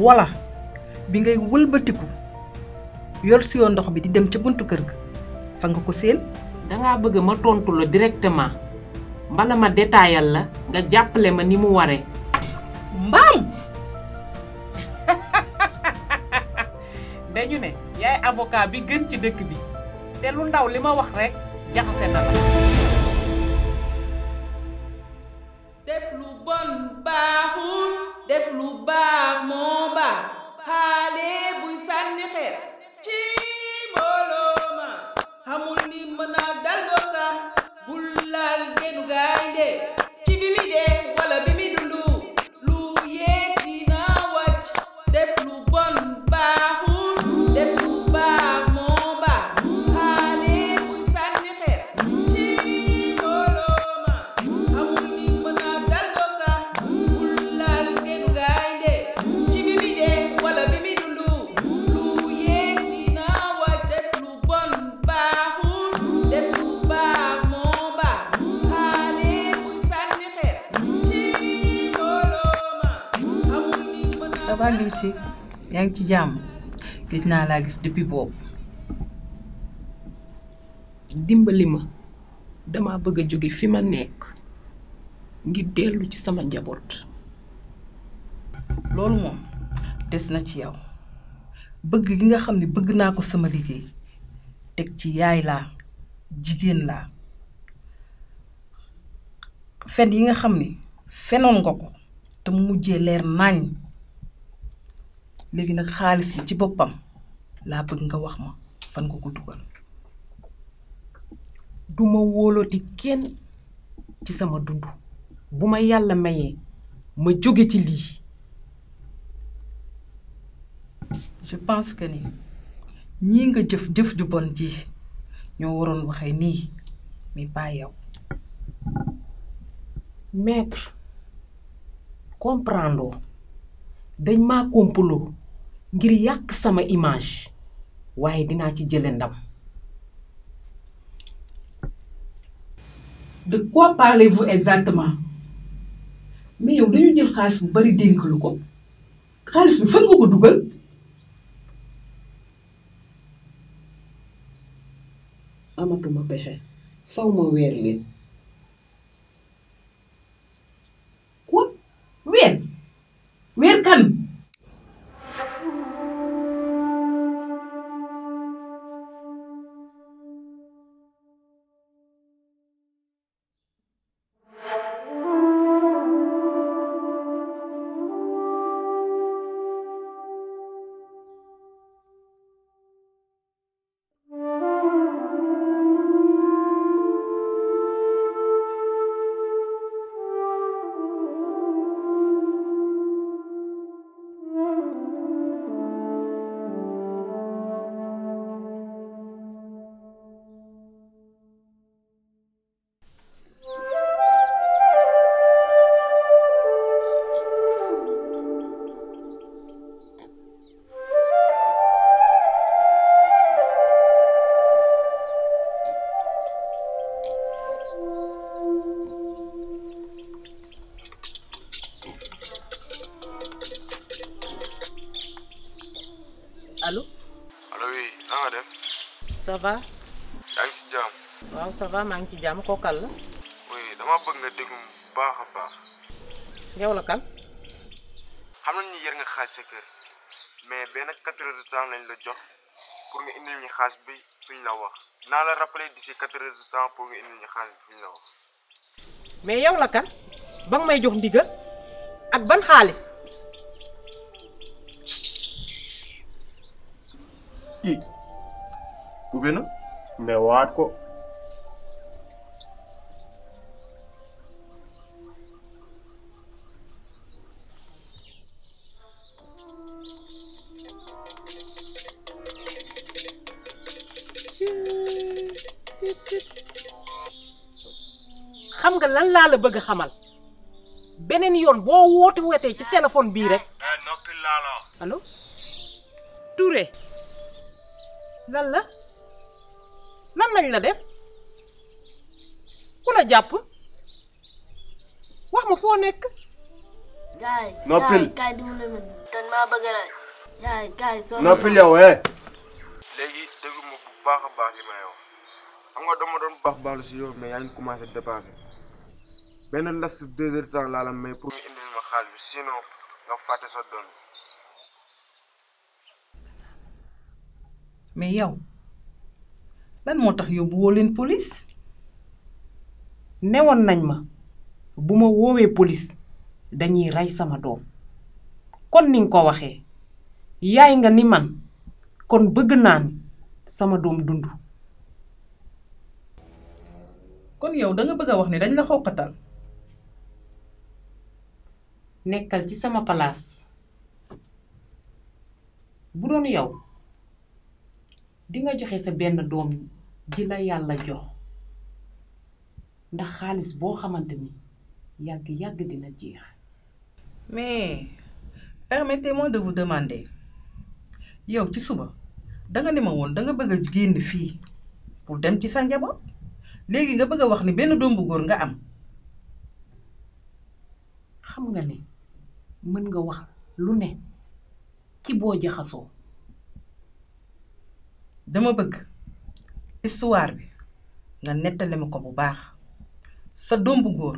wala bi ngay wëlbatiku yor si yoon ndox bi di dem ca buntu kër ga fa nga ko séen danga bëgg ma tontu la directement mbala ma détaayal la nga jàppale ma ni mu ware mbaam dañu ne yaay avocat bi gën ci dëkk bi te lu ndaw li ma wax rekk jaxase na la def lu baax moo baax buy sànni ci mbooloo xamul ni mën ci yaa ngi ci jàmm gis naa laa gis depuis boobu dimbali ma dama bëgg a jóge fi ma nekk ngir dellu ci sama njaboot loolu moom des na ci yow bëgg gi nga xam ne bëgg naa ko sama liggéey teg ci yaay laa jigéen laa fen yi nga xam ni fenoon nga ko te mu mujjee leer nañ léegi nag xaalis bi ci boppam laa bëgg nga wax ma fan nga ko dugal du ma wóolooti kenn ci sama dund bu ma yàlla mayee ma jóge ci lii je pense que ni ñii nga jëf jëf ju bon ji ñoo waroon waxee nii mais pas yow maître comprendre dañ maa complot ngir yàq sama image waaye dinaa ci jële ndam. de quoi parlez-vous exactement mais yow dañu jël xaalis bu bari dénk ko xaalis bi fan nga ko dugal. amatuma pexe faw ma weer allo. allo oui na nga def. ça va. yaa ngi si jàmm. waaw ça maa ngi ci jàmm kooku la. oui dama bëgg nga déglu baax a baax. yow la kan. xam nañ ni yër nga xaalis sa kër mais benn quatre heures de temps lañ la jox pour nga indi ñu xaalis bi suñ la wax naa la rappeler si quatre heures de temps pour nga indil ñu xaalis bi fuñ la wax. mais yow la kan ba nga may jox ndigal ak ban xaalis. ɗiɗi ubeno nde watko xam nga lan laa la bëgg xamal beneen yoon boo woote wootee ci téléphone bii rek eh, allo lan la lan lañ la def ku la jàpp wax ma foo nekk. noppil noppil yow eh. léegi déglu ma bu baax a baax li ma yow xam nga dama doon baax baaxlu si yow mais yaa ngi commencé dépensé benn last deux heures temps laa la may pour. ñu indil ma xaalis bi sinon nga fàtte sa doom mais yow lan moo tax yóbbu woo leen police newoon nañ ma bu ma woowee police dañuy rey sama doom kon ni ko waxee yaay nga ni man kon bëgg naa sama doom dund kon yow danga bëgg a wax ne dañ la xoqatal nekkal ci sama palaas bu doon yow di nga joxe sa benn doom ji la yàlla jox ndax xaalis boo xamante ni yàgg-yàgg dina jeex mais permettez-moi de vous demander yow ci suba danga ne ma woon danga bëgg a génn fii pour dem ci sa njaboot léegi nga bëgg a wax ni benn doom bu góor nga am xam nga ne mën nga wax lu ne ci boo jaxasoo dama bëgg histoire bi nga nettali ma ko bu baax sa doom bu góor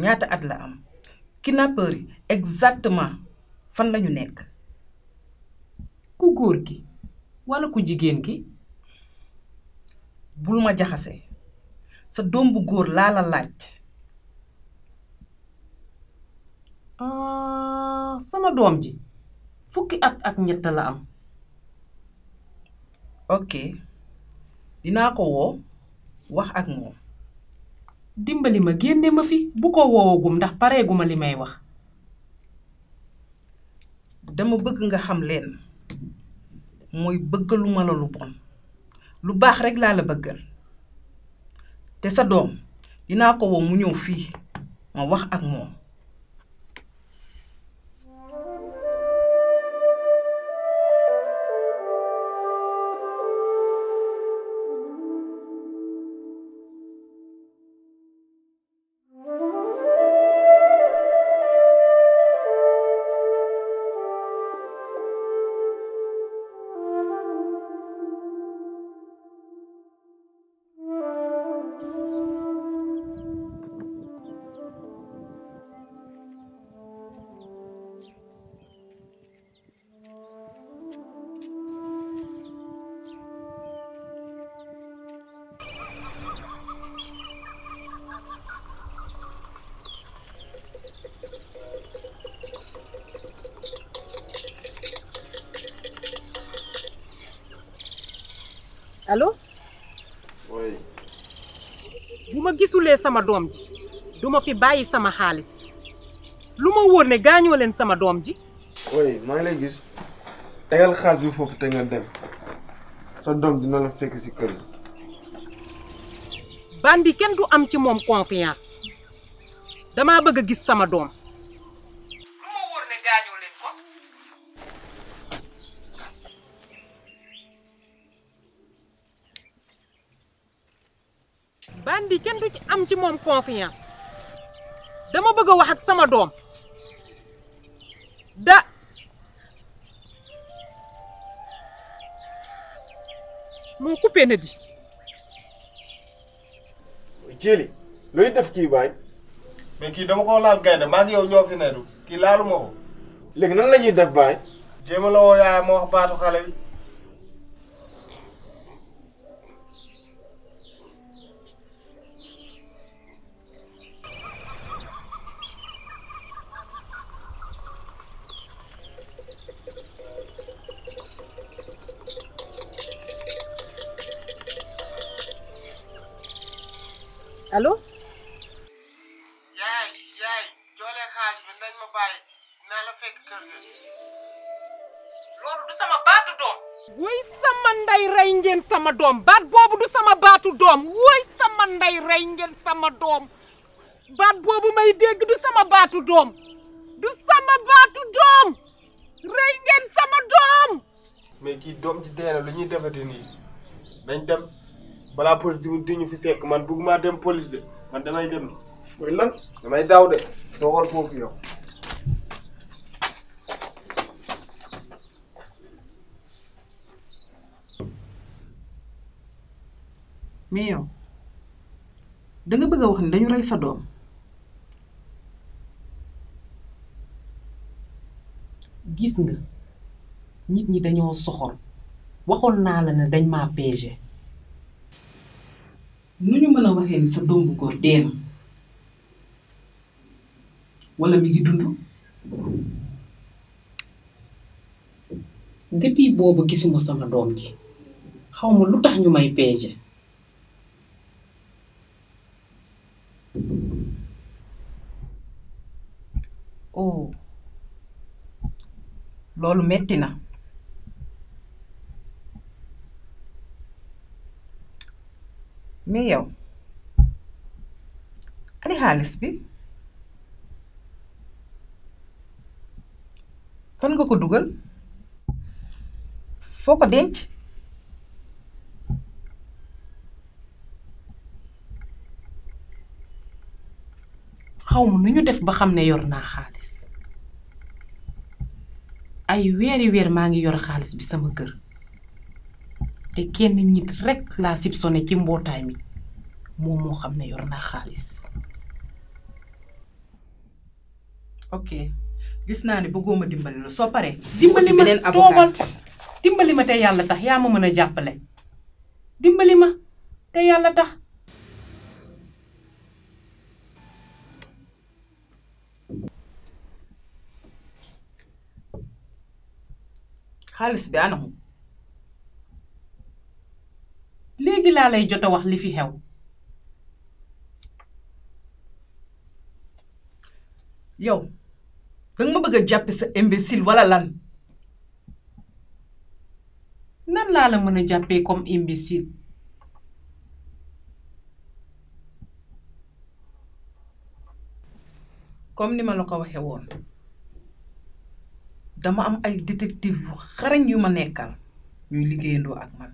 ñaata at la am ki yi exactement fan lañu nekk ku góor gi walla ku jigéen gi bul ma jaxase sa doom bu góor laa la laaj ah, sama doom ji fukki at ak ñett am ok dinaa ko woo wax ak moom. dimbali ma génne ma fi bu ko woowagum ndax pareeguma li may wax. dama bëgg nga xam leen mooy bëggaluma la lu bon lu baax rekk laa la bëggal te sa doom dinaa ko woo mu ñëw fii ma wax ak moom. alo bu ma gisulee sama doom ji du ma fi bàyyi sama xaalis lu ma wóor ne gaañoo leen sama doom ji. oui maa ngi lay gis tegal xaalis bi foofu te nga dem sa doom dina la fekk ci kër bandi kenn du am ci moom confiance damaa bëgg a gis sama doom. kii kenn du ci am ci moom confiance dama bëgg a wax ak sama doom da moo coupé na di jili luy def kii baay mais kii dama ko laal gaynde maa ngi yow ñoo fi ne du kii laalu ma ko léegi nan la ñuy def baay jéema la woo yaay moo wax xale allo. yaay yaay joolee xaalis bi nañ ma bàyyi naa la fekk kër ga. loolu doom. woy sama doom baat boobu du sama baatu doom woy sama nday rey ngeen sama doom baat boobu may dégg du sama baatu doom du sama baatu doom rey ngeen sama doom. mais kii doom ji dee na lu ñuy defati nii dañ dem. balaa police di ñu fi fekk man bëgguma dem police de man damay dem mooy lan damay daaw de toogal foofu yow. mais yow da nga bëgg a wax ni dañu rey sa doom. gis nga nit ñi dañoo soxor waxoon naa la ne dañ ma piégé. nu ñu mën a waxee ni sa doom bu góor dee na wala mi ngi dund. depuis boobu gisuma sama doom ji xaw ma lu tax ñu may peeje oh loolu metti na. yow ani xaalis bi fan nga ko dugal foo ko denc xaw ma nu ñu def ba xam ne yor naa xaalis ay weeri weer maa ngi yor xaalis bi sama kër te kenn nit rekk laa sib sone ci mbootaay mi moom xam ne yor naa xaalis ok gis naa ne bëggoo ma dimbali la soo paree dimbali ma toogal dimbali ma te yàlla tax yaa ma mën a jàppale dimbali ma te yàlla tax xaalis bi anamu léegi laa lay jot wax li fi xew yow danga ma bëgg a jàppe sa imbécile walla lan nan laa la mën a jàppee comme imbécile comme ni ma la ko waxee woon dama am ay détective yu xarañ yu ma nekkal ñuy liggéeyandoo ak man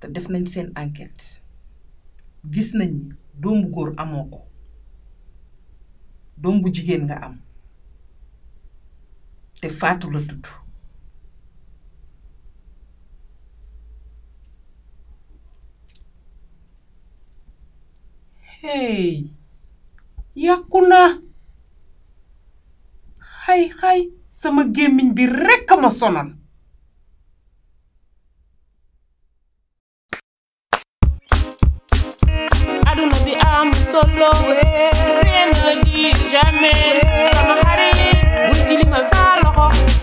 te def nañ seen enquête gis nañ ni doomu góor amoo ko doom bu jigéen nga am te Fatou la tudd hey yàqu na xay sama gémmiñ bi rekk a ma sonal àdduna bi am solo rien ne dit jamais sama xarit bul ci limal sa loxo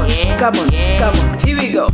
on, come on, come on. Here we go.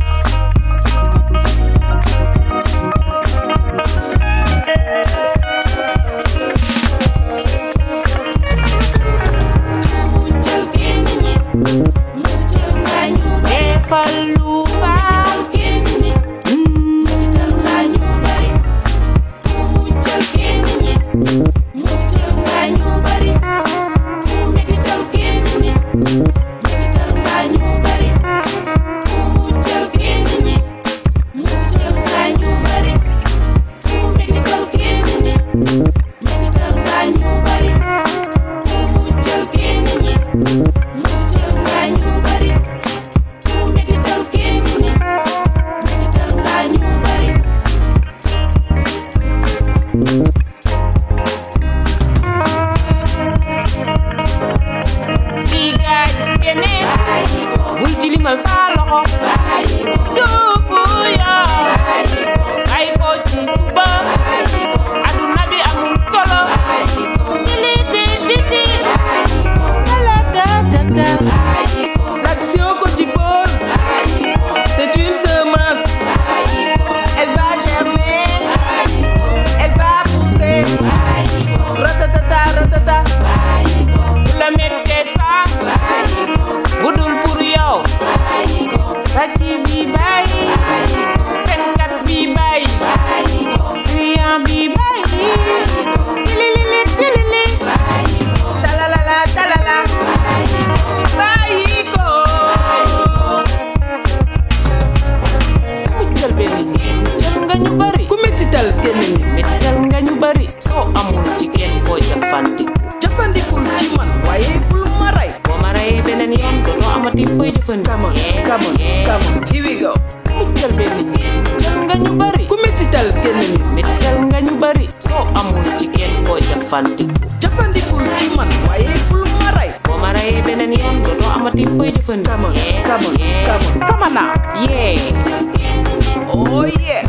on, come on, yeah, come on, yeah. come on, come on now. Yeah. Oh yeah.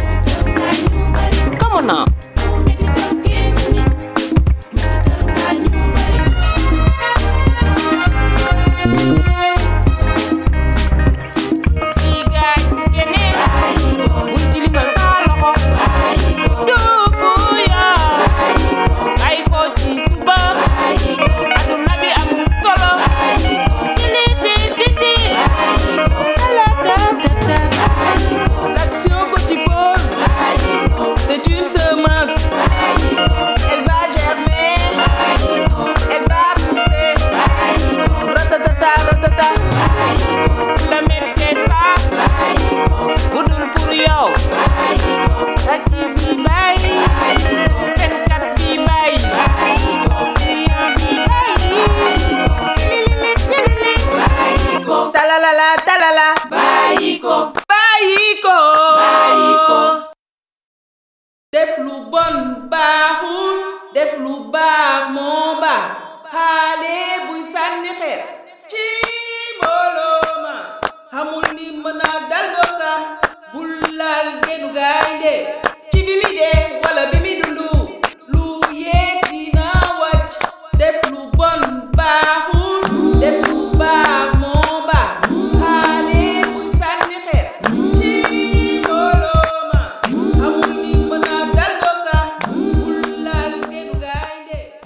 Come on now. bon baaxul def lu baax moo baax buy sànni xeer ci mbooloo xamul ni mën a dal bokkam